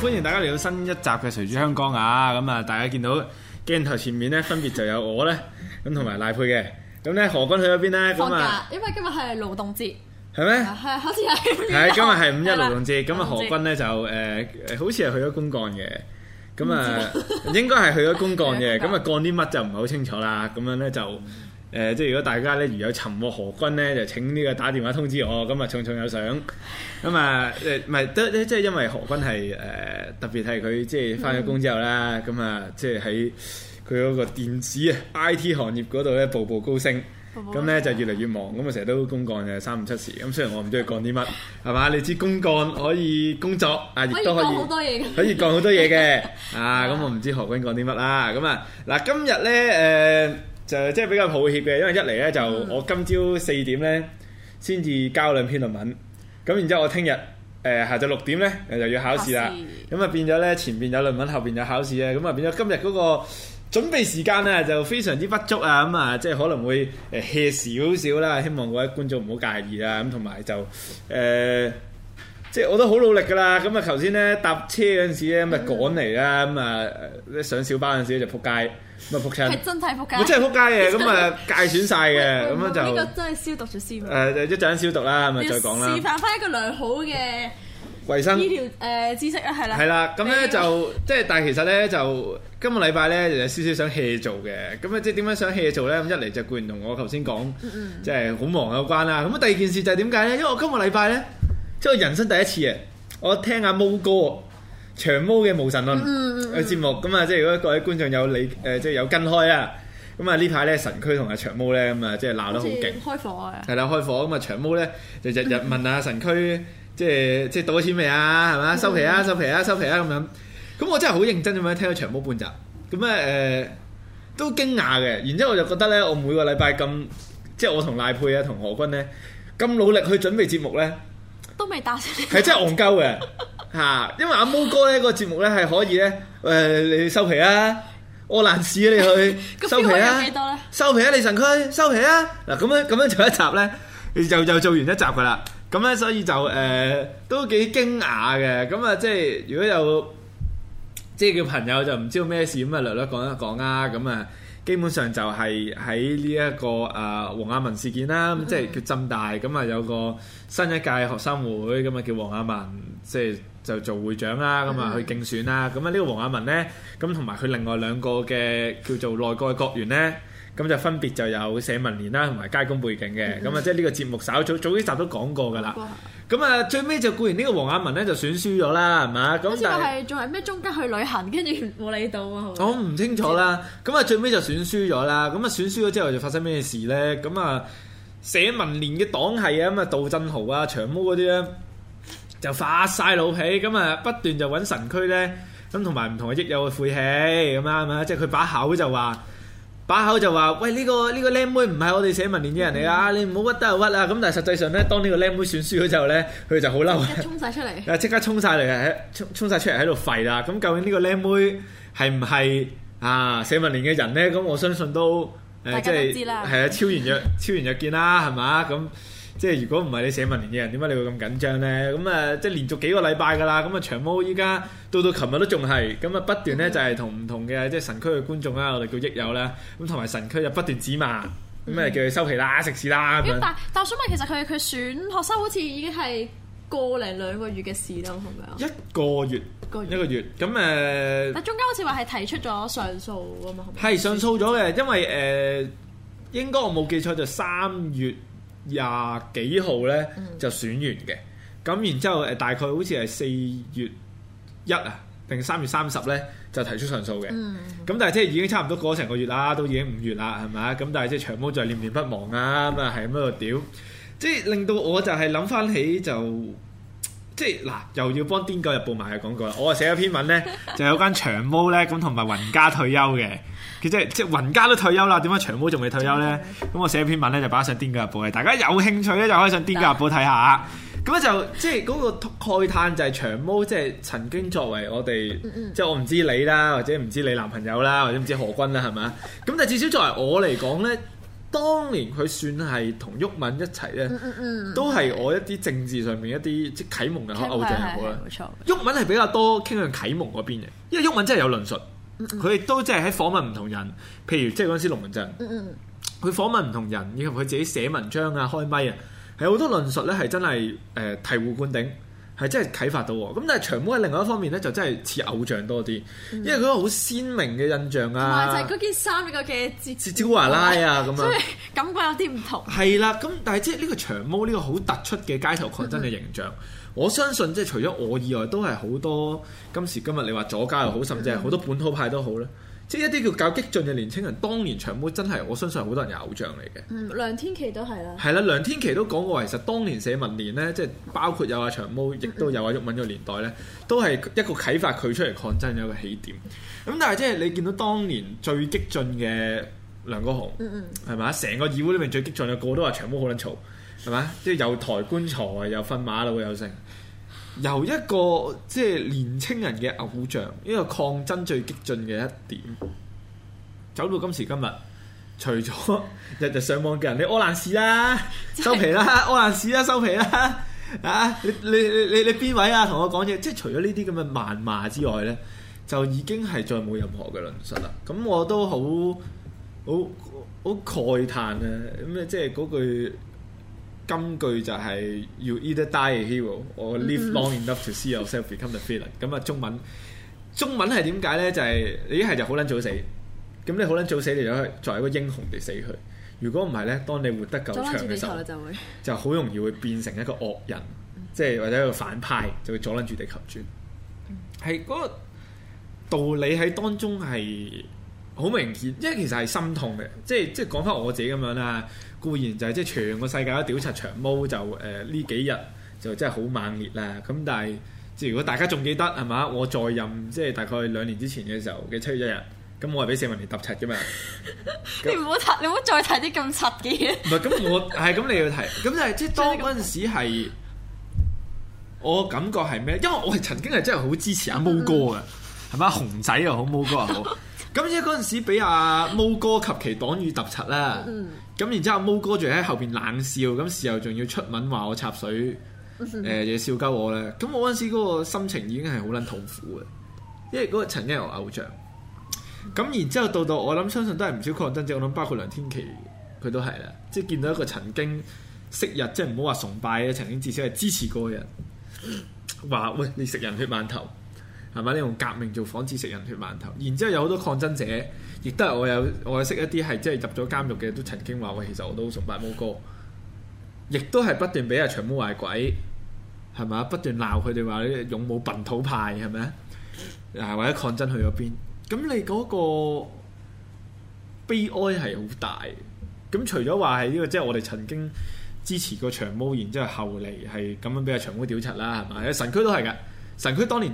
歡迎大家嚟到新一集嘅誰主香港啊！咁啊，大家見到鏡頭前面咧，分別就有我咧，咁同埋賴珮嘅。咁咧，何君去咗邊咧？放假，因為今日係勞動節，係咩？係好似係。係啊，今日係五一勞動節，咁啊，何君咧就誒，好似係去咗公幹嘅。咁啊，應該係去咗公幹嘅。咁啊，幹啲乜就唔係好清楚啦。咁樣咧就。誒、呃，即係如果大家咧如有尋獲何君咧，就請呢個打電話通知我。咁啊，重重有賞。咁啊，唔係都即係因為何君係誒特別係佢即係翻咗工之後啦。咁啊，即係喺佢嗰個電子啊 IT 行業嗰度咧步步高升。咁咧就越嚟越忙，咁啊成日都公幹嘅三五七時。咁、嗯、雖然我唔鍾意講啲乜，係嘛？你知公幹可以工作，啊亦都可以可以講好多嘢嘅。啊，咁、嗯、我唔知何君講啲乜啦。咁啊，嗱今日咧誒。就即係比較抱歉嘅，因為一嚟咧就我今朝四點咧先至交兩篇論文，咁然之後我聽日誒下晝六點咧又要考試啦，咁啊試變咗咧前邊有論文，後邊有考試啊，咁啊變咗今日嗰個準備時間咧就非常之不足啊，咁、嗯、啊即係可能會 hea 少少啦，希望各位觀眾唔好介意啊，咁同埋就誒。呃即係我都好努力㗎啦，咁啊頭先咧搭車嗰陣時咧，咁啊趕嚟啦，咁啊啲上小巴嗰陣時咧就撲街，咁啊撲親。係真係撲街。真係撲街嘅，咁啊介損曬嘅，咁啊就呢個真係消毒咗先。誒，一陣消毒啦，咁啊再講啦。示範翻一個良好嘅衞生醫療誒知識啊，係啦。係啦，咁咧就即係，但係其實咧就今個禮拜咧就有少少想 hea 做嘅，咁啊即係點樣想 hea 做咧？咁一嚟就固然同我頭先講，即係好忙有關啦。咁啊第二件事就係點解咧？因為我今個禮拜咧。即係人生第一次啊！我聽阿毛哥、長毛嘅無神論嘅節目咁啊！即係、嗯嗯嗯、如果各位觀眾有理誒，即、呃、係有跟開啦咁啊！呢排咧神區同阿長毛咧咁啊，即係鬧得好勁，開火啊！係啦，開火咁啊！長毛咧就日日問阿神區，嗯、即係即係賭咗錢未啊？係咪、嗯？收皮啊，收皮啊，收皮啊！咁樣咁我真係好認真咁樣聽到長毛半集，咁咧誒都驚訝嘅。然之後我就覺得咧，我每個禮拜咁即係我同賴珮啊、同何君咧咁努力去準備節目咧。都未打死你，係真係戇鳩嘅嚇，因為阿毛哥呢個節目呢，係可以呢，誒你收皮啊，我難死你去收皮啊， 收皮啊，你神區收皮啊，嗱咁樣咁樣做一集呢，就就做完一集噶啦，咁呢，所以就誒、呃、都幾驚訝嘅，咁啊即係如果有即係叫朋友就唔知咩事咁啊，略略講一講啊，咁啊。基本上就係喺呢一個誒、呃、黃亞文事件啦、啊，即係叫浸大咁啊有個新一屆學生會咁啊叫黃亞文，即係就做會長啦、啊，咁啊去競選啦、啊，咁啊呢個黃亞文咧，咁同埋佢另外兩個嘅叫做內閣嘅閣員咧。咁就分別就有社民連啦，同埋街工背景嘅，咁啊、嗯、即係呢個節目稍早早幾集都講過㗎啦。咁啊哇最尾就固然呢個黃亞文咧就選輸咗啦，係嘛？咁就係仲係咩？是是中間去旅行跟住冇理到啊！我唔清楚啦。咁啊最尾就選輸咗啦。咁啊選輸咗之後就發生咩事咧？咁啊社民連嘅黨系啊，咁啊杜振豪啊長毛嗰啲咧就發晒老脾，咁啊不斷就揾神區咧，咁同埋唔同嘅益友嘅晦氣咁啊，係嘛？即係佢把口就話。把口就話：喂，呢個呢個僆妹唔係我哋寫文連嘅人嚟啊！嗯、你唔好屈得又屈啊。」咁但係實際上咧，當個呢個僆妹選輸咗之後咧，佢就好嬲，即刻衝曬出嚟。啊！即刻衝晒嚟喺衝衝曬出嚟喺度吠啦。咁究竟呢個僆妹係唔係啊寫文連嘅人咧？咁我相信都誒即係係啊，超然若超然若見啦、啊，係嘛咁。即係如果唔係你寫文連嘅人，點解你會咁緊張咧？咁、嗯、誒，即係連續幾個禮拜㗎啦。咁啊，長毛依家到到琴日都仲係，咁啊不斷咧就係同唔同嘅即係神區嘅觀眾啦，我哋叫益友啦，咁同埋神區就不斷指罵，咁啊、mm hmm. 叫佢收皮啦，食屎啦咁為樣。但但我想問，其實佢佢選學生好似已經係個零兩個月嘅事啦，係咪啊？一個月，個一個月，咁誒。但中間好似話係提出咗上訴啊嘛。係是上訴咗嘅，因為誒、呃、應該我冇記錯就三月。廿幾號咧就選完嘅，咁然之後誒大概好似係四月一啊，定三月三十咧就提出上訴嘅。咁、嗯、但係即係已經差唔多過咗成個月啦，都已經五月啦，係咪啊？咁但係即係長毛就念念不忘啊，咁啊喺咩度屌？即係令到我就係諗翻起就即係嗱，又要幫癲狗日報埋嘅廣告啦。我啊寫咗篇文咧， 就有間長毛咧咁同埋雲家退休嘅。佢即係即係雲家都退休啦，點解長毛仲未退休咧？咁、嗯嗯、我寫一篇文咧就擺上《天價日報》嘅，大家有興趣咧就可以上《天價日報》睇下。咁咧、嗯、就即係嗰個概攤就係長毛即係曾經作為我哋，嗯嗯、即係我唔知你啦，或者唔知你男朋友啦，或者唔知何君啦，係嘛？咁但至少作為我嚟講咧，嗯嗯嗯、當年佢算係同郁文一齊咧，嗯嗯嗯、都係我一啲政治上面一啲的即係啟蒙嘅偶像嚟冇錯，郁吧文係比較多傾向啟蒙嗰邊嘅，因為郁文真係有論述。佢亦 都即係喺訪問唔同人，譬如即係嗰陣時龍門陣，佢訪問唔同人，以及佢自己寫文章啊、開咪啊，係好多論述咧，係真係誒醍醐灌頂。係真係啟發到喎，咁但係長毛喺另外一方面咧，就真係似偶像多啲，因為佢個好鮮明嘅印象啊，嗯、就係嗰件衫嘅哲古華拉啊咁樣，所以感覺有啲唔同。係啦、嗯，咁、嗯嗯、但係即係呢個長毛呢個好突出嘅街頭抗爭嘅形象，嗯嗯、我相信即係除咗我以外都，都係好多今時今日你話左派又好，甚至係好多本土派都好咧。即係一啲叫較激進嘅年青人，當年長毛真係我相信好多人嘅偶像嚟嘅、嗯。梁天琦都係啦。係啦，梁天琦都講過，其實當年社民連咧，即係包括有阿、啊、長毛，亦都有阿毓民個年代咧，都係一個啟發佢出嚟抗爭嘅一個起點。咁但係即係你見到當年最激進嘅梁國雄，嗯嗯，係嘛？成個議會裏面最激進嘅個個都話長毛好撚嘈，係嘛？即係又抬棺材，又瞓馬路，又剩。由一個即係年青人嘅偶像，一個抗爭最激進嘅一點，走到今時今日，除咗日日上網嘅人， 你屙蘭屎啦， 收皮啦， 屙爛屎啦，收皮啦，啊！你你你你你邊位啊？同我講嘢，即係除咗呢啲咁嘅謾罵之外咧，就已經係再冇任何嘅論述啦。咁我都好好好慨嘆啊！咁啊，即係嗰句。根據就係、是、You either die a hero，or live long enough to see yourself become the villain、mm。咁、hmm. 啊，中文中文係點解呢？就係、是、你一係就好撚早死，咁你好撚早死，你就可作為一個英雄地死去。如果唔係呢，當你活得夠長嘅時候，就好容易會變成一個惡人，即係、mm hmm. 或者一個反派，就會阻撚住地球轉。係嗰、mm hmm. 個道理喺當中係好明顯，因為其實係心痛嘅，即係即係講翻我自己咁樣啦。固然就係即係全個世界都屌柒長毛，就誒呢、呃、幾日就真係好猛烈啦。咁但係即係如果大家仲記得係嘛？我在任即係、就是、大概兩年之前嘅時候嘅七月一日，咁我係俾社民連揼柒嘅嘛。 那你唔好你唔好再提啲咁柒嘅嘢。唔係咁，我係咁你要提。咁就係、是、即係當嗰陣時係 我感覺係咩？因為我係曾經係真係好支持阿毛哥嘅，係咪雄仔又好，毛哥又好。 咁即係嗰陣時，俾阿毛哥及其黨羽突襲啦。咁、嗯、然之後，毛哥仲喺後邊冷笑，咁事後仲要出文話我插水，誒、嗯、嘢、呃、笑鳩我咧。咁我嗰陣時嗰個心情已經係好捻痛苦嘅，因為嗰個曾經係我偶像。咁、嗯嗯、然之後到到，我諗相信都係唔少抗爭者，我諗包括梁天琦，佢都係啦。即係見到一個曾經昔日，即係唔好話崇拜嘅曾經至少係支持過嘅人，話喂，你食人血饅頭。係咪？你用革命做幌子，食人血饅頭。然之後有好多抗爭者，亦都係我有我有識一啲係即係入咗監獄嘅，都曾經話喂，其實我都崇拜毛哥，亦都係不斷俾阿長毛壞鬼。係咪？不斷鬧佢哋話你勇武笨土派係咪啊？或者抗爭去咗邊？咁你嗰個悲哀係好大。咁除咗話係呢個，即係我哋曾經支持過長毛，然之後後嚟係咁樣俾阿長毛屌柒啦，係咪？神區都係嘅，神區當年。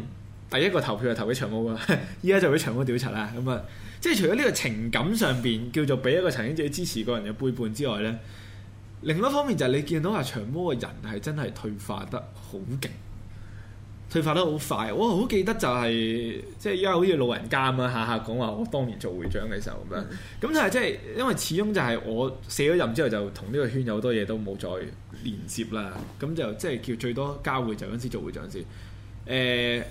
第一個投票就投俾長毛啊！依家就俾長毛屌柒啦！咁啊，即係除咗呢個情感上邊叫做俾一個曾經自己支持過人嘅背叛之外呢，另外一方面就係你見到阿長毛個人係真係退化得好勁，退化得好快。我好記得就係、是、即係依家好似老人家咁樣下下講話我當年做會長嘅時候咁樣。咁但係即係因為始終就係我卸咗任之後就同呢個圈有好多嘢都冇再連接啦。咁就即係叫最多交會就嗰陣時做會長先。誒、欸。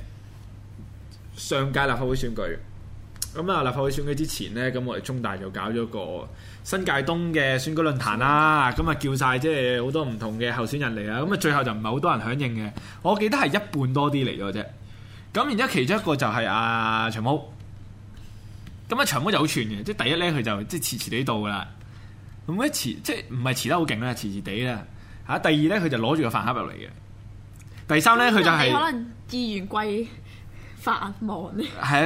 上屆立法會選舉，咁啊立法會選舉之前咧，咁我哋中大就搞咗個新界東嘅選舉論壇啦。咁啊叫晒即係好多唔同嘅候選人嚟啊。咁啊最後就唔係好多人響應嘅。我記得係一半多啲嚟咗啫。咁然之後其中一個就係阿、啊、長毛，咁啊長毛就好串嘅。即係第一咧，佢就即係遲遲地到噶啦。咁咧遲即係唔係遲得好勁咧，遲遲地啦嚇。第二咧，佢就攞住個飯盒入嚟嘅。第三咧，佢就係、是、可能議員貴，繁忙呢？係法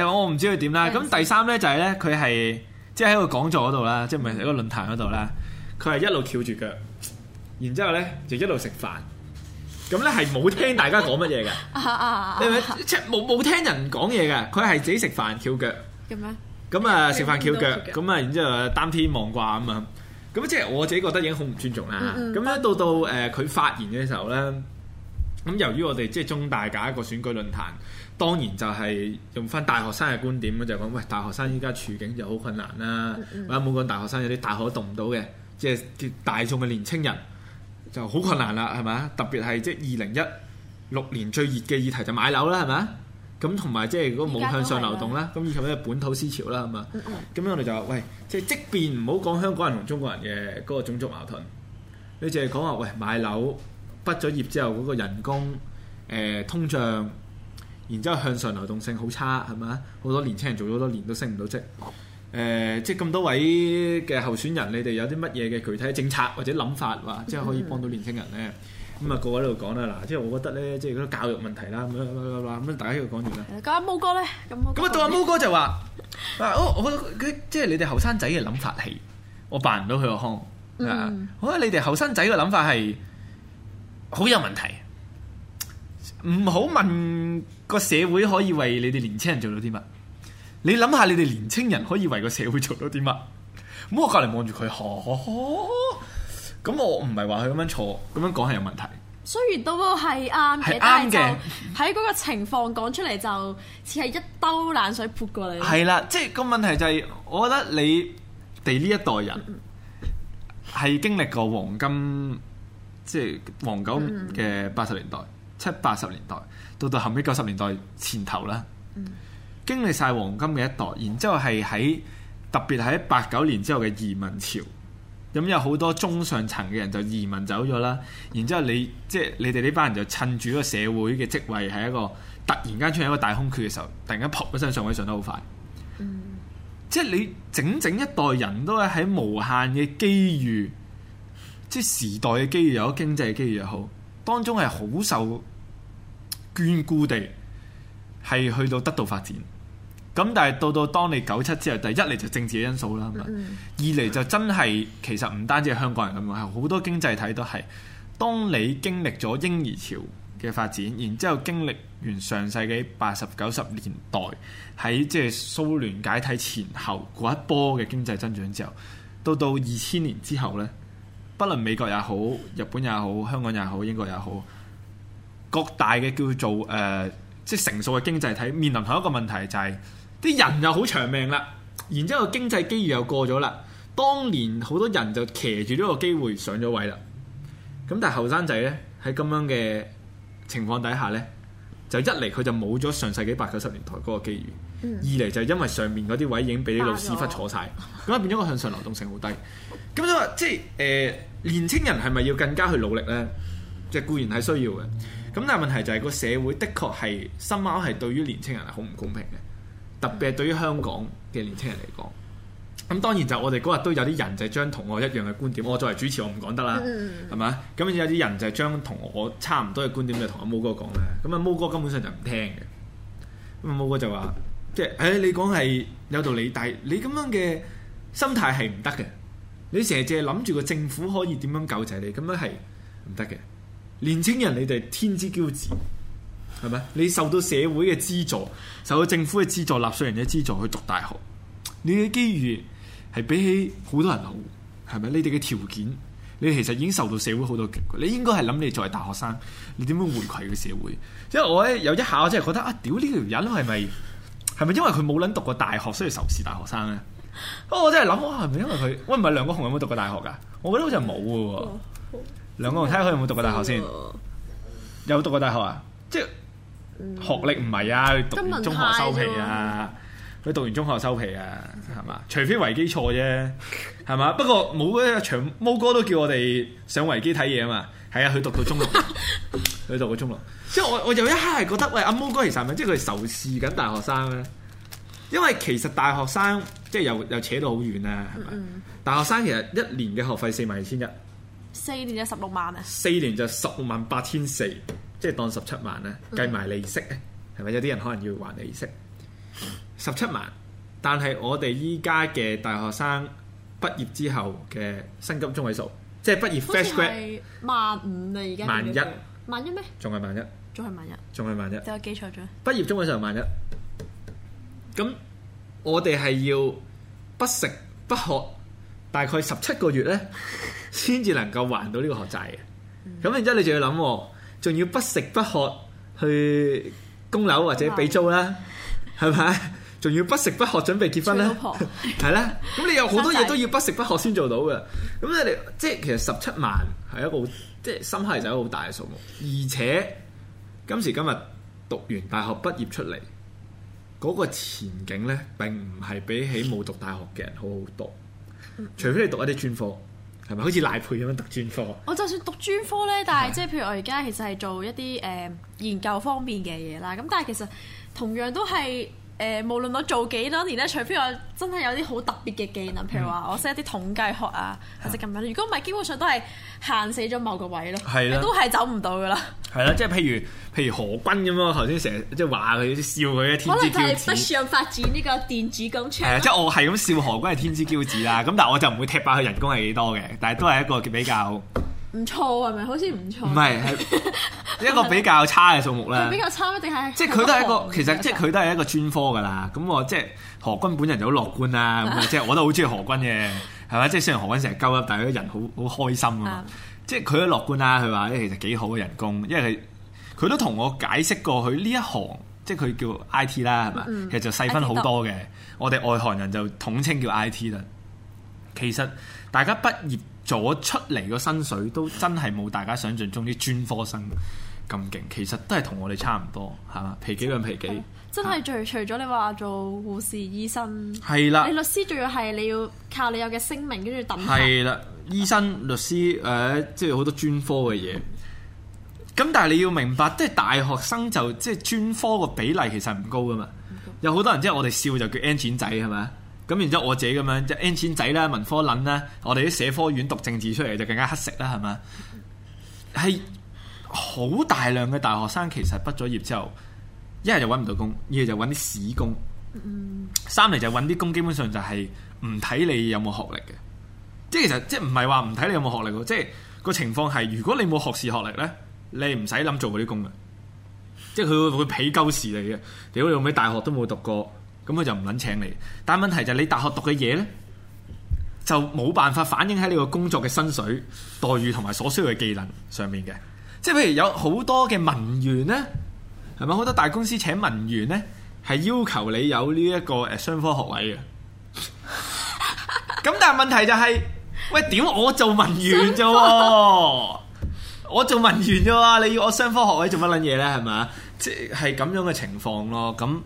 啊！我唔知佢點啦。咁第三咧就係咧，佢係即係喺個講座嗰度啦，即係唔係喺個論壇嗰度啦。佢係一路翹住腳，然之後咧就一路食飯。咁咧係冇聽大家講乜嘢嘅， 你明？即冇冇聽人講嘢嘅，佢係自己食飯翹腳。咁啊，咁啊食飯翹腳，咁啊然之後擔天望卦啊嘛。咁即係我自己覺得已經好唔尊重啦。咁咧、嗯嗯、到到誒佢發言嘅時候咧，咁由於我哋即係中大搞一個選舉論壇。當然就係用翻大學生嘅觀點啦，就講、是、喂，大學生依家處境就好困難啦。或者冇講大學生有啲大學都讀唔到嘅，即係叫大眾嘅年青人就好困難啦，係咪啊？特別係即係二零一六年最熱嘅議題就買樓啦，係咪啊？咁同埋即係如果冇向上流動啦，咁以及咧本土思潮啦，係嘛？咁、嗯嗯、我哋就話喂，即、就、係、是、即便唔好講香港人同中國人嘅嗰個種族矛盾，你淨係講話喂買樓畢咗業之後嗰、那個人工誒、呃、通脹。通然之後向上流動性好差係咪？好多年青人做咗好多年都升唔到職。誒、呃，即係咁多位嘅候選人，你哋有啲乜嘢嘅具體政策或者諗法話，即係可以幫到年青人咧？咁、嗯、啊，各位喺度講啦嗱，即係我覺得咧，即係嗰啲教育問題啦，咁大家喺度講完啦。咁阿毛哥咧，咁啊，咁啊，到阿毛哥就話：嗱，我即係你哋後生仔嘅諗法係，我扮唔到佢個腔，我啊，覺得、嗯嗯、你哋後生仔嘅諗法係好有問題。唔好問個社會可以為你哋年青人做到啲乜，你諗下你哋年青人可以為個社會做到啲乜？咁我隔籬望住佢，咁我唔係話佢咁樣坐，咁樣講係有問題。雖然都係啱嘅，但係就喺嗰個情況講出嚟，就似係一兜冷水潑過你。係啦， 即係個問題就係，我覺得你哋呢一代人係經歷過黃金，即係黃金嘅八十年代。嗯七八十年代到到後尾九十年代前頭啦，嗯、經歷晒黃金嘅一代，然之後係喺特別喺八九年之後嘅移民潮，咁有好多中上層嘅人就移民走咗啦。然之後你即係你哋呢班人就趁住呢個社會嘅職位係一個突然間出現一個大空缺嘅時候，突然間 pop 一聲，上位上得好快。嗯、即係你整整一代人都係喺無限嘅機遇，即係時代嘅機遇又好，經濟嘅機遇又好。當中係好受眷顧地，係去到得到發展。咁但係到到當你九七之後，第一嚟就政治嘅因素啦，係嘛，嗯嗯，二嚟就真係其實唔單止係香港人咁樣，係好多經濟體都係。當你經歷咗嬰兒潮嘅發展，然之後經歷完上世紀八十九十年代喺即係蘇聯解體前後嗰一波嘅經濟增長之後，到到二千年之後呢。不論美國也好、日本也好、香港也好、英國也好，各大嘅叫做誒、呃，即成熟嘅經濟體，面臨同一個問題就係、是、啲人又好長命啦，然之後經濟機遇又過咗啦，當年好多人就騎住呢個機會上咗位啦。咁但係後生仔呢，喺咁樣嘅情況底下呢，就一嚟佢就冇咗上世紀八九十年代嗰個機遇，嗯、二嚟就因為上面嗰啲位已經俾啲老屎忽坐晒，咁啊 變咗個向上流動性好低。咁所以即係年青人係咪要更加去努力呢？即係固然係需要嘅，咁但係問題就係、是、個社會的確係深奧，係對於年青人係好唔公平嘅，特別係對於香港嘅年青人嚟講。咁當然就我哋嗰日都有啲人就將同我一樣嘅觀點，我作為主持我唔講得啦，係嘛？咁 有啲人就將同我差唔多嘅觀點就同阿毛哥講咧，咁阿毛哥根本上就唔聽嘅。咁阿毛哥就話，即、就、係、是哎，你講係有道理，但係你咁樣嘅心態係唔得嘅。你成日淨係諗住個政府可以點樣救濟你，咁樣係唔得嘅。年青人你哋天之驕子，係咪？你受到社會嘅資助，受到政府嘅資助、納稅人嘅資助去讀大學，你嘅機遇係比起好多人好，係咪？你哋嘅條件，你其實已經受到社會好多極。你應該係諗你作為大學生，你點樣回饋個社會？即係我咧有一下真係覺得啊，屌呢條人係咪係咪因為佢冇撚讀過大學，所以仇視大學生咧？不過我真係諗，哇，係咪因為佢？喂，唔係梁國雄有冇讀過大學噶？我覺得好似冇嘅。梁國雄睇下佢有冇讀過大學先。有讀過大學，嗯、讀過大學啊？即係學歷唔係啊，讀完中學收皮啊。佢讀完中學收皮啊，係嘛？除非維基錯啫，係嘛？不過冇嗰個長毛哥都叫我哋上維基睇嘢啊嘛。係啊，佢讀到中六，佢 讀到中六。即係我，我就一刻係覺得喂，阿毛哥其實係咪即係佢仇視緊大學生咧？因為其實大學生即係又又扯到好遠啊，係咪、嗯嗯？大學生其實一年嘅學費四萬二千一，四年就十六萬啊。四年就十六萬八千四，即係當十七萬啦。計埋利息咧，係咪、嗯、有啲人可能要還利息？十七萬，但係我哋依家嘅大學生畢業之後嘅薪金中位數，即係畢業 fresh grade, 好在在。好似係萬五啊，而家萬一萬一咩？仲係萬一，仲係萬一，仲係萬一。有記錯咗？畢業中位數萬一。咁我哋係要不食不喝大概十七個月呢先至能夠還到呢個學債嘅。咁然之後你就要諗、哦，仲要不食不喝去供樓或者俾租啦，係咪？ 仲要不食不喝準備結婚咧？係啦老。咁 你有好多嘢都要不食不喝先做到嘅。咁你哋，即係其實十七萬係一個即係心態就係、一個、好大嘅數目，而且今時今日讀完大學畢業出嚟。嗰個前景咧，並唔係比起冇讀大學嘅人好好多，嗯、除非你讀一啲專科，係咪？好似賴珮咁樣讀專科。我就算讀專科咧，但係即係譬如我而家其實係做一啲誒、呃、研究方面嘅嘢啦，咁但係其實同樣都係。誒、呃，無論我做幾多年咧，除非我真係有啲好特別嘅技能，譬如話我識一啲統計學啊，或者咁樣。如果唔係，基本上都係限死咗某個位咯，是啊、都係走唔到噶啦。係咯，即係譬如譬如何君咁咯，頭先成日即係話佢笑佢可能係北上發展呢個電子工場、啊。即係我係咁笑何君係天之驕子啦。咁 但係我就唔會踢爆佢人工係幾多嘅，但係都係一個比較。 唔錯係咪？好似唔錯。唔係係一個比較差嘅數目啦。比較差一定係即係佢都係一個，一個其實 即係佢都係一個專科㗎啦。咁我即係何君本人就好樂觀啦。咁 即係我都好中意何君嘅係嘛。即係雖然何君成日鳩噏啦，但係佢人好好開心啊嘛。 即係佢都樂觀啦。佢話其實幾好嘅人工，因為佢佢都同我解釋過佢呢一行即係佢叫 I T 啦係嘛。嗯、其實就細分好多嘅，嗯嗯、我哋外行人就統稱叫 I T 啦。其實大家畢業咗出嚟個薪水都真係冇大家想象中啲專科生咁勁，其實都係同我哋差唔多嚇，皮幾兩皮幾。真係最除咗你話做護士、醫生，係啦的，你律師仲要係你要靠你有嘅聲明跟住等。係啦的，的醫生、的律師，誒、呃，即係好多專科嘅嘢。咁 但係你要明白，即係大學生就即係、就是、專科個比例其實唔高㗎嘛，高有好多人之後我哋笑就叫 entry 仔係咪？咁然之後我自己咁樣即係掟錢仔啦、文科撚啦， 我哋啲社科院 讀政治出嚟就更加乞食啦，係咪？係好 大量嘅大學生，其實畢咗業之後，一係就搵唔到工，二係就搵啲屎工， 三嚟就搵啲工，基本上就係唔睇你有冇學歷嘅。即係其實即係唔係話唔睇你有冇學歷，即係個情況係，如果你冇學士學歷咧，你唔使諗做嗰啲工嘅，即係佢會會畀鳩屎你嘅，屌你老味，大學都冇讀過。咁佢就唔捻請你，但係問題就係你大學讀嘅嘢呢，就冇辦法反映喺你個工作嘅薪水、待遇同埋所需要嘅技能上面嘅。即係譬如有好多嘅文員呢，係咪好多大公司請文員呢，係要求你有呢一個誒商科學位嘅。咁 但係問題就係、是，喂，點我做文員啫？我做文員啫雙科？ 你要我商科學位做乜捻嘢呢？係咪啊？即係咁樣嘅情況咯。咁。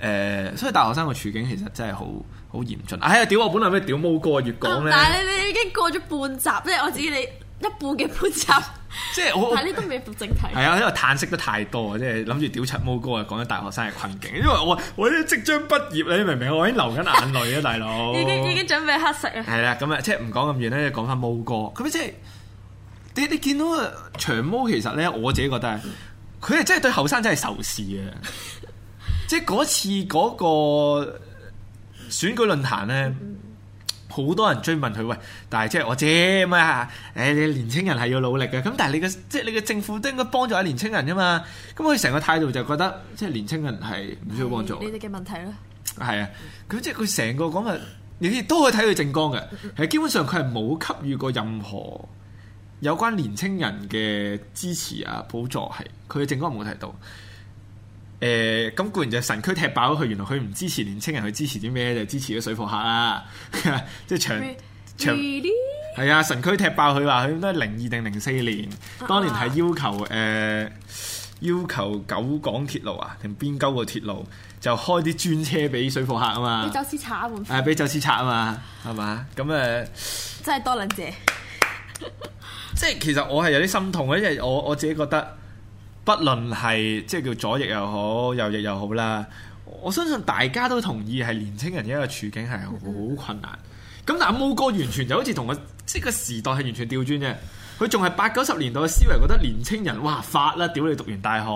誒、呃，所以大學生嘅處境其實真係好好嚴峻。哎、啊、呀，屌我本來咩屌毛哥，越講咧。但係你你已經過咗半集，即係我知你一半嘅半集。即係 我， 但係你都未復正題。係啊，因為嘆息得太多，即係諗住屌柒毛哥啊，講緊大學生嘅困境。因為我我咧即將畢業，你明唔明？我已經流緊眼淚啊，大佬。 已經已經準備黑色啊。係啦，咁啊，即係唔講咁遠咧，講返毛哥，咁即係你你見到長毛，其實咧我自己覺得，佢係真係對後生真係仇視啊。 即係嗰次嗰個選舉論壇咧，好、嗯、多人追問佢喂，但係即係我知咩啊、哎？你年青人係要努力嘅，咁但係你嘅即係你嘅政府都應該幫助下年青人嘅嘛？咁佢成個態度就覺得即係年青人係唔需要幫助、哎。你哋嘅問題咯，係啊，咁即係佢成個咁嘅，你亦都可以睇佢政綱嘅，係基本上佢係冇給予過任何有關年青人嘅支持啊、補助係，佢嘅政綱冇提到。誒咁固然就神區踢爆佢，原來佢唔支持年青人，去支持啲咩就支持咗水貨客啊！ 即係、呃、長長係啊，神區踢爆佢話佢應該係零二定零四年，當年係要求誒、啊啊啊呃、要求九廣鐵路，鐵路啊，定邊溝個鐵路就開啲專車俾水貨客啊嘛，俾走私賊換，係俾走私賊啊嘛，係嘛？咁誒，真係多兩謝 ，即係其實我係有啲心痛嘅，因為我我，我自己覺得。不論係即係叫左翼又好右翼又好啦，我相信大家都同意係年青人一個處境係好困難。咁、mm hmm. 但係阿毛哥完全就好似同個即係個時代係完全調轉啫，佢仲係八九十年代嘅思維，覺得年青人哇發啦，屌你讀完大學，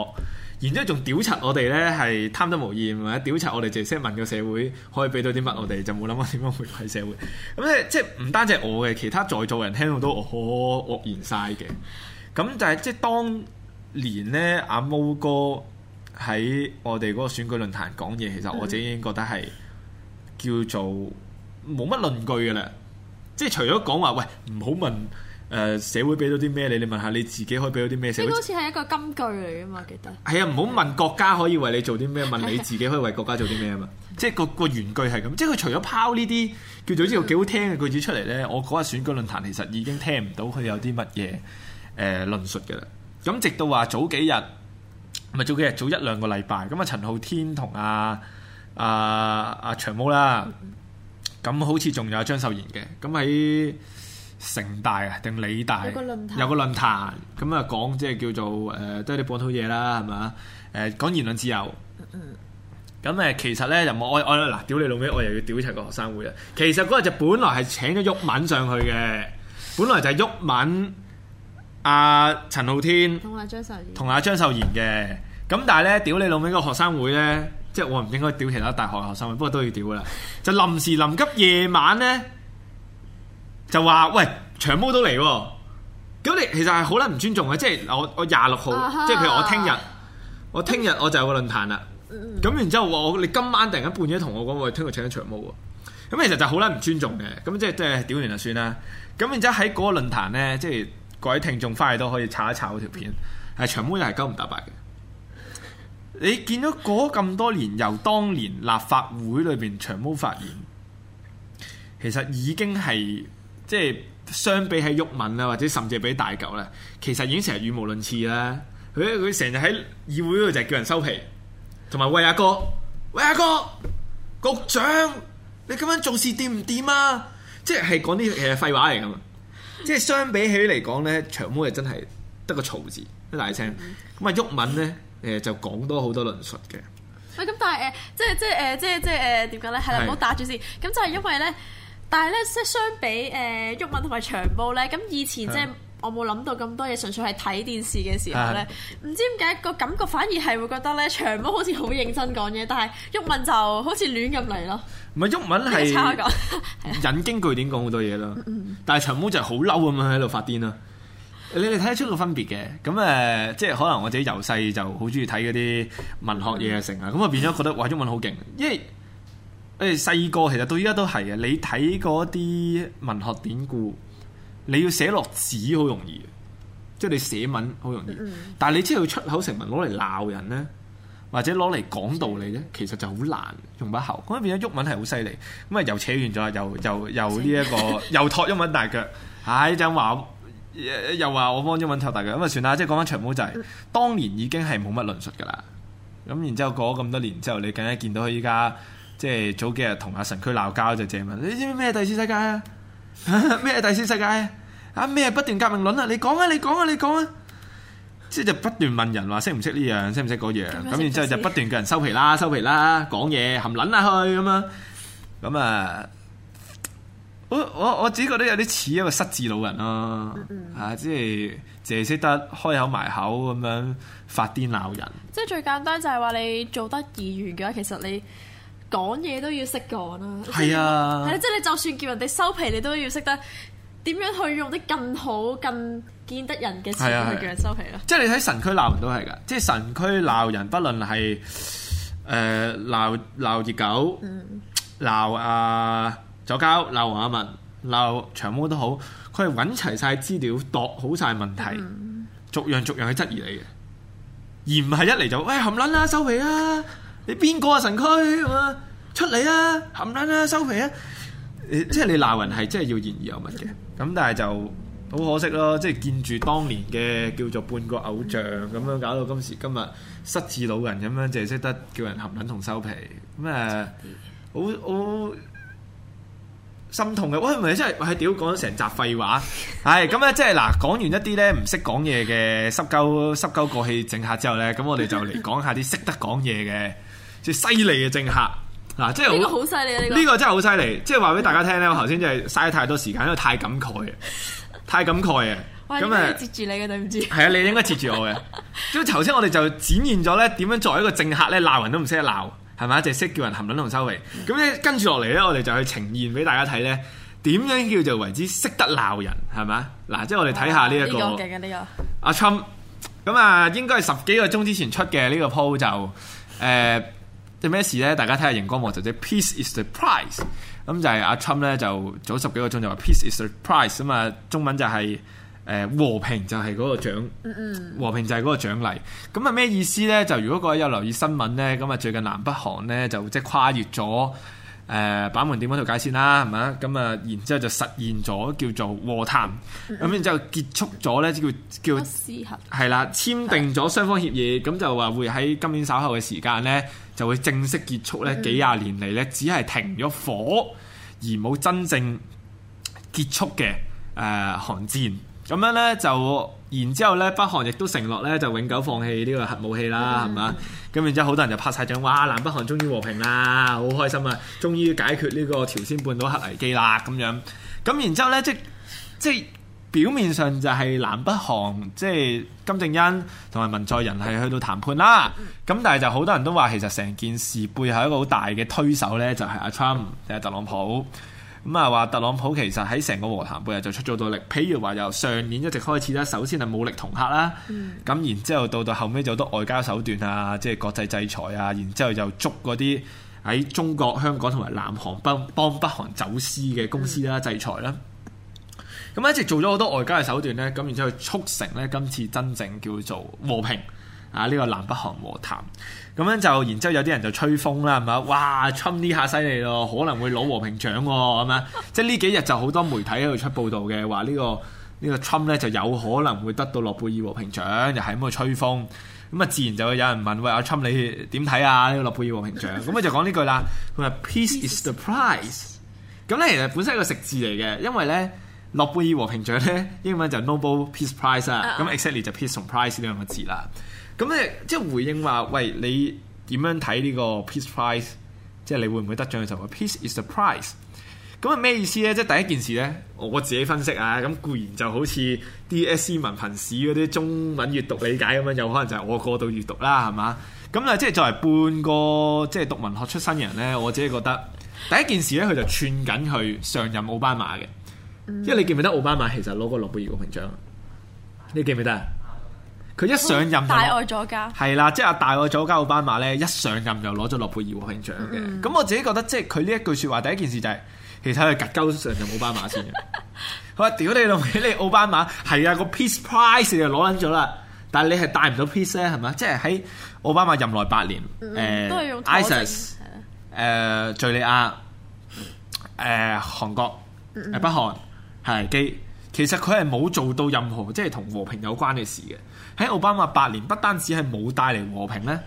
然之後仲屌柒我哋咧係貪得無厭，或者屌柒我哋淨係識問個社會可以俾到啲乜我哋，就冇諗過點樣回饋社會。咁、嗯、咧即係唔單止係我嘅，其他在座人聽到都好愕然晒嘅。咁就係即係當。連咧阿毛哥喺我哋嗰個選舉論壇講嘢，其實我自己已經覺得係叫做冇乜論據嘅啦。即係除咗講話，喂唔好問誒社會俾咗啲咩你，你問下你自己可以俾到啲咩。社會好似係一個金句嚟嘅嘛，記得。係啊，唔好問國家可以為你做啲咩，問你自己可以為國家做啲咩啊嘛。 即係個個原句係咁。即係佢除咗拋呢啲叫做啲幾好聽嘅句子出嚟咧，我嗰日選舉論壇其實已經聽唔到佢有啲乜嘢誒論述嘅啦。咁直到話早幾日，咪早幾日，早一兩個禮拜。咁啊，陳浩天同阿阿阿長毛啦，咁 好似仲有張秀賢嘅。咁喺城大啊，定理大有個論壇，有個論壇，咁啊講即係叫做誒、呃、都係啲本土嘢啦，係咪？誒、呃、講言論自由。咁誒 其實咧又冇愛愛啦，嗱，屌、啊、你老尾，我又要屌齊個學生會啦。其實嗰日就本來係請咗毓民上去嘅，本來就係毓民。 阿、呃、陳浩天同阿張秀，同阿張秀賢嘅。咁，但係咧屌你老味個學生會咧，即係我唔應該屌其他大學學生會，不過都要屌噶啦，就臨時臨急夜晚咧就話喂長毛都嚟喎，哦，咁你其實係好撚唔尊重嘅。即係我我廿六號，啊、哈 即係譬如我聽日我聽日我就有個論壇啦，咁、嗯嗯、然之後我，我你今晚突然間半夜同我講喂聽日請緊長毛喎，咁其實就好撚唔尊重嘅，咁即係即係屌完就算啦，咁然之後喺嗰個論壇咧即係。即各位聽眾，翻嚟都可以查一查嗰條片，係長毛又係九唔搭八嘅。你見到嗰咁多年，由當年立法會裏邊長毛發言，其實已經係即係相比起毓民啦，或者甚至係比大狗啦，其實已經成日語無倫次啦。佢佢成日喺議會嗰度就叫人收皮，同埋喂阿哥，喂阿哥，局長，你咁樣做事掂唔掂啊？即係講啲其實廢話嚟㗎嘛。即係相比起嚟講咧，長毛係真係得個嘈字，一大聲。咁啊、嗯嗯，毓民咧，誒就講多好多論述嘅。喂，咁但係誒，即係即係誒，即係、呃、即係誒點解咧？係啦，唔、呃、好、呃呃呃、打住先。咁就係因為咧，但係咧，即係相比誒毓民同埋長毛咧，咁以前即係。我冇諗到咁多嘢，純粹係睇電視嘅時候咧，唔是的 知點解個感覺反而係會覺得咧，長毛好似好認真講嘢，但係毓民就好似亂入嚟咯。唔係毓民係引經據典講好多嘢咯， 但係長毛就係好嬲咁樣喺度發癲咯。你哋睇得出個分別嘅。咁誒、呃，即係可能我自己由細就好中意睇嗰啲文學嘢 成啊，咁啊，變咗覺得哇毓民好勁，因為誒細個其實到依家都係啊，你睇嗰啲文學典故。你要寫落紙好容易，即係你寫文好容易。嗯、但係你知道出口成文攞嚟鬧人呢，或者攞嚟講道理呢，其實就好難。用把口咁啊，變咗毓民係好犀利。咁啊，又扯完咗，又又又呢、這、一個，又托毓民大腳。唉、 哎，就話又話我幫毓民托大腳。咁啊，算啦，即係講翻長毛仔、就係，係、嗯，當年已經係冇乜論述㗎啦。咁然之後過咗咁多年之後，你更加見到佢依家，即、就、係、是、早幾日同阿神區鬧交就借問，你知唔知咩第四世界啊？咩第四世界啊？咩不斷革命論啊？你講啊！你講啊！你講啊！即係就不斷問人話識唔識呢樣，識唔識嗰樣？咁然之後就不斷叫人收皮啦，收皮啦，講嘢含撚下去咁樣。咁啊，我我我自己覺得有啲似一個失智老人咯，啊，嗯嗯啊，即係淨係識得開口埋口咁樣發癲鬧人。即係最簡單就係話你做得議員嘅話，其實你。講嘢都要識講啦，係啊，係咯，即係你就算叫人哋收皮，你都要識得點樣去用啲更好、更見得人嘅詞、啊、去叫人收皮咯。即係你喺神區鬧人都係㗎，即、就、係、係、神區鬧人，不論係誒鬧鬧熱狗、鬧酒、嗯啊、左膠、鬧黃阿文、鬧長毛都好，佢係揾齊晒資料，度好晒問題，逐樣逐樣去質疑你嘅，而唔係一嚟就喂冚撚啦，收皮啦、啊！你邊個啊？神區咁啊，出嚟啊，含撚啊，收皮啊！誒，即係你鬧人係真係要言而有物嘅。咁但係就好可惜咯，即係見住當年嘅叫做半個偶像咁樣，搞到今時今日失智老人咁樣，淨係識得叫人含撚同收皮。咁誒，好好心痛嘅。喂，唔係真係，係屌講咗成集廢話。係咁咧，即係嗱，講完一啲咧唔識講嘢嘅濕鳩濕鳩過氣政客之後咧，咁我哋就嚟講下啲識得講嘢嘅。最犀利嘅政客嗱，即係呢個好犀利啊！呢、這個呢個真係好犀利， 即係話俾大家聽咧。我頭先真係嘥太多時間，因為太感慨啊，太感慨啊。咁啊 喂，接住那你嘅對唔住。係 啊，你應該接住我嘅。咁頭先我哋就展現咗咧點樣作為一個政客咧鬧人都唔識得鬧，係咪啊？就識叫人含卵同收皮。咁咧、嗯、跟住落嚟咧，我哋就去呈現俾大家睇咧點樣叫做為之識得鬧人，係咪、這個、啊？嗱、這個，即係我哋睇下呢一個呢個特朗普咁啊，應該係十幾個鐘之前出嘅呢、這個鋪就誒。呃 咩事咧？大家睇下熒光幕，就即係 Peace is the prize，咁就係阿 Trump 咧就早十幾個鐘就話 Peace is the prize，咁啊中文就係誒和平就係嗰個獎，和平就係嗰個、嗯嗯、個獎勵。咁啊咩意思咧？就如果各位有留意新聞咧，咁啊最近南北韓咧就即係跨越咗。誒板、呃、門點樣度解先啦，係咪啊？咁啊，然之後就實現咗叫做和談，咁、嗯嗯、然之後結束咗呢，即叫叫，係啦，簽訂咗雙方協議，咁、嗯、就話會喺今年稍後嘅時間呢，就會正式結束呢幾廿年嚟呢，只係停咗火而冇真正結束嘅誒韓戰。咁樣呢，就，然之後呢，北韓亦都承諾呢，就永久放棄呢個核武器啦，係嘛？咁 然之後好多人就拍晒掌，哇！南北韓終於和平啦，好開心啊！終於解決呢個朝鮮半島核危機啦，咁樣。咁然之後呢，即即表面上就係南北韓即金正恩同埋文在寅係去到談判啦。咁 但係就好多人都話，其實成件事背後一個好大嘅推手呢，就係阿 Trump，即特朗普。咁啊，話特朗普其實喺成個和談背後就出咗大力，譬如話由上年一直開始啦，首先係武力恫嚇啦，咁、嗯、然之後到到後尾就好多外交手段啊，即係國際制裁啊，然之後就捉嗰啲喺中國香港同埋南韓幫幫北韓走私嘅公司啦，制裁啦，咁、嗯、一直做咗好多外交嘅手段呢，咁然之後促成呢，今次真正叫做和平。啊！呢個南北韓和談，咁樣就然之後有啲人就吹風啦，係咪？哇！Trump 呢下犀利咯，可能會攞和平獎喎，咁樣。即係呢幾日就好多媒體喺度出報道嘅，話呢、這個呢、這個 Trump 咧就有可能會得到諾貝爾和平獎，又喺度吹風。咁啊，自然就會有人問：喂，阿 Trump 你點睇啊？呢、這個諾貝爾和平獎？咁啊 就講呢句啦。佢話：Peace is the price。咁咧其實本身係一個食字嚟嘅，因為咧諾貝爾和平獎咧英文就 Nobel Peace Prize 啊、uh，咁、oh. exactly 就 peace 同 price 呢兩個字啦。咁咧即係回應話，喂，你點樣睇呢個 Peace Prize？即係你會唔會得獎嘅時候？Peace is the prize。咁係咩意思咧？即係第一件事咧，我自己分析啊。咁固然就好似 DSE 文憑試嗰啲中文閱讀理解咁樣，有可能就係我過度閱讀啦，係嘛？咁啊，即係作為半個即係讀文學出身嘅人咧，我自己覺得第一件事咧，佢就串緊佢上任奧巴馬嘅，即、嗯、因為你記唔記得奧巴馬其實攞過諾貝爾和平獎？你記唔記得啊？佢一上任大愛佐家，係啦，即、就、係、是、大愛佐家奧巴馬咧，一上任就攞咗諾貝爾和平獎嘅。咁、mm hmm. 我自己覺得，即係佢呢一句説話，第一件事就係、是，其實佢格鳩上就奧巴馬先嘅。佢話： 屌你老味，你奧巴馬係啊個 Peace Prize 就攞撚咗啦，但係你係帶唔到 peace 咧，係咪？即係喺奧巴馬任內八年，誒、mm hmm. 呃、ISIS、誒敘利亞、誒、呃、韓國、誒、mm hmm. 北韓係基，其實佢係冇做到任何即係同和平有關嘅事嘅。喺奧巴馬八年，不單止係冇帶嚟和平咧，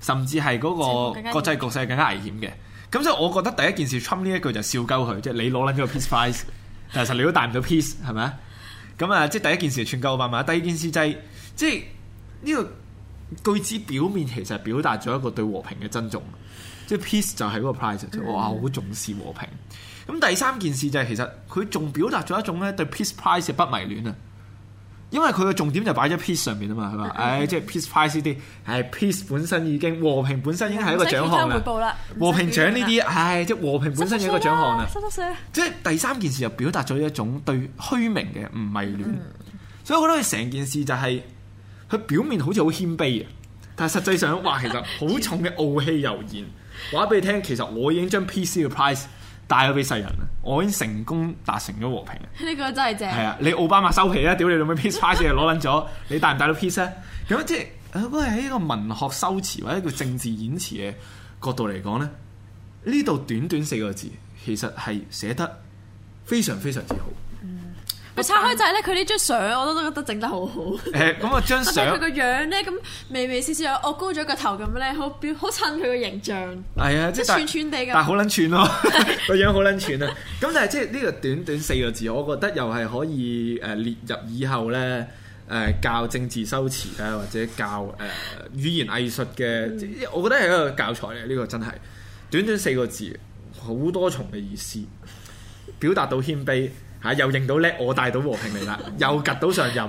甚至係嗰個國際局勢更加危險嘅。咁 所以我覺得第一件事，Trump 呢一句就笑鳩佢，就是， 即係你攞緊個 peace prize，但係其實你都帶唔到 peace，係咪啊？咁啊，即係第一件事串鳩奧巴馬。第二件事就係、是，即係、這、呢個句子表面其實表達咗一個對和平嘅尊重，即係 peace 就係嗰個 prize，即係哇好重視和平。咁第三件事就係、是、其實佢仲表達咗一種咧對 peace prize 嘅不迷戀啊。因為佢個重點就擺喺 peace 上面啊嘛，佢話，唉，即係 peace price 呢啲，係 peace 本身已經和平本身已經係一個獎項啦。 和平獎呢啲係即係和平本身一個獎項啦。即係第三件事就表達咗一種對虛名嘅唔迷戀， 所以我覺得佢成件事就係佢表面好似好謙卑啊，但係實際上哇，其實好重嘅傲氣油然。話俾你聽，其實我已經將 peace 嘅 price。帶咗俾世人啦，我已經成功達成咗和平啊！呢個 真係正。係啊，你奧巴馬收皮啊！屌 你老味 peace sign 攞撚咗，你帶唔帶到 peace 咧？咁即係，如果喺一個文學修辭或者叫政治演辭嘅角度嚟講咧，呢度短短四個字其實係寫得非常非常之好。佢拆開就係咧，佢呢張相我都都覺得整得好好、欸。誒、那個， 咁啊張相。佢個樣咧，咁微微笑笑，我高咗個頭咁咧，好表好襯佢個形象。係啊、哎呀，即係串串地咁。 但係好撚串咯，個樣好撚串啊！咁但係即係呢個短短四個字，我覺得又係可以誒列入以後咧誒、呃、教政治修辭啊，或者教誒、呃、語言藝術嘅。嗯、我覺得係一個教材嚟，呢、呢個真係短短四個字好多重嘅意思，表達到謙卑。又認到叻，我帶到和平嚟啦，又及到上任，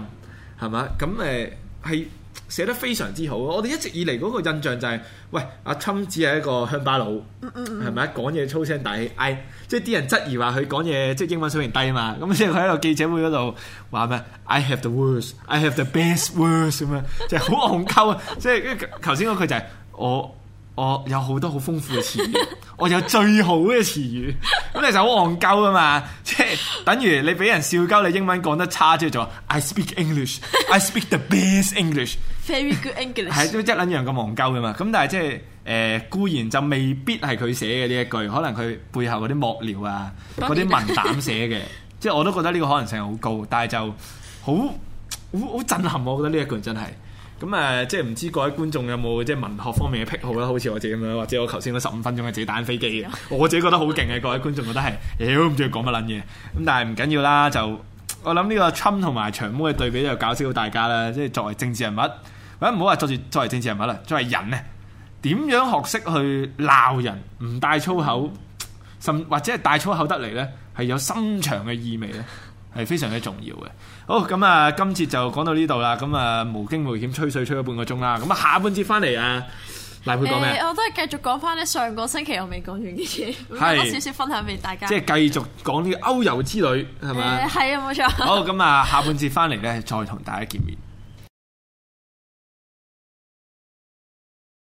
係咪？咁誒係寫得非常之好。我哋一直以嚟嗰個印象就係、是，喂！阿侵只係一個鄉巴佬，係咪啊？講嘢粗聲大氣，唉，即係啲人質疑話佢講嘢，即係英文水平低啊嘛。咁先佢喺個記者會嗰度話咩？I have the worst I have the best worst 咁樣，就係好戇鳩啊！即係頭先嗰句就係、是、我。我有好多好豐富嘅詞語， 我有最好嘅詞語，咁你 就好戇鳩啊嘛！即、就、係、是、等於你俾人笑鳩，你英文講得差即係，就話 I speak English，I speak the best English，very good English，係都 一撚樣咁戇鳩噶嘛！咁但係即係誒固然就未必係佢寫嘅呢一句，可能佢背後嗰啲幕僚啊、嗰啲文膽寫嘅， 即係我都覺得呢個可能性好高，但係就好好好震撼，我覺得呢一句真係。咁誒、嗯，即係唔知各位觀眾有冇即係文學方面嘅癖好啦，好似我自己咁樣，或者我頭先嗰十五分鐘係自己打緊飛機嘅，我自己覺得好勁嘅。各位觀眾覺得、呃、係，妖唔知佢講乜撚嘢。咁但係唔緊要啦，就我諗呢個 Trump 同埋長毛嘅對比就搞笑到大家啦。即係作為政治人物，或者唔好話作住作為政治人物啦，作為人，人呢，點樣學識去鬧人？唔帶粗口，甚或者係帶粗口得嚟呢，係有深長嘅意味咧。係非常之重要嘅。好，咁啊，今次就講到呢度啦。咁啊，無驚無險吹水吹咗半個鐘啦。咁啊，下半節翻嚟啊，賴珮講咩？欸、我都係繼續講翻咧，上個星期我未講完嘅嘢，咁是少少分享俾大家。即係繼續講呢個歐遊之旅，係咪、嗯、吧啊？係啊，冇錯。好，咁啊，下半節翻嚟咧，再同大家見面。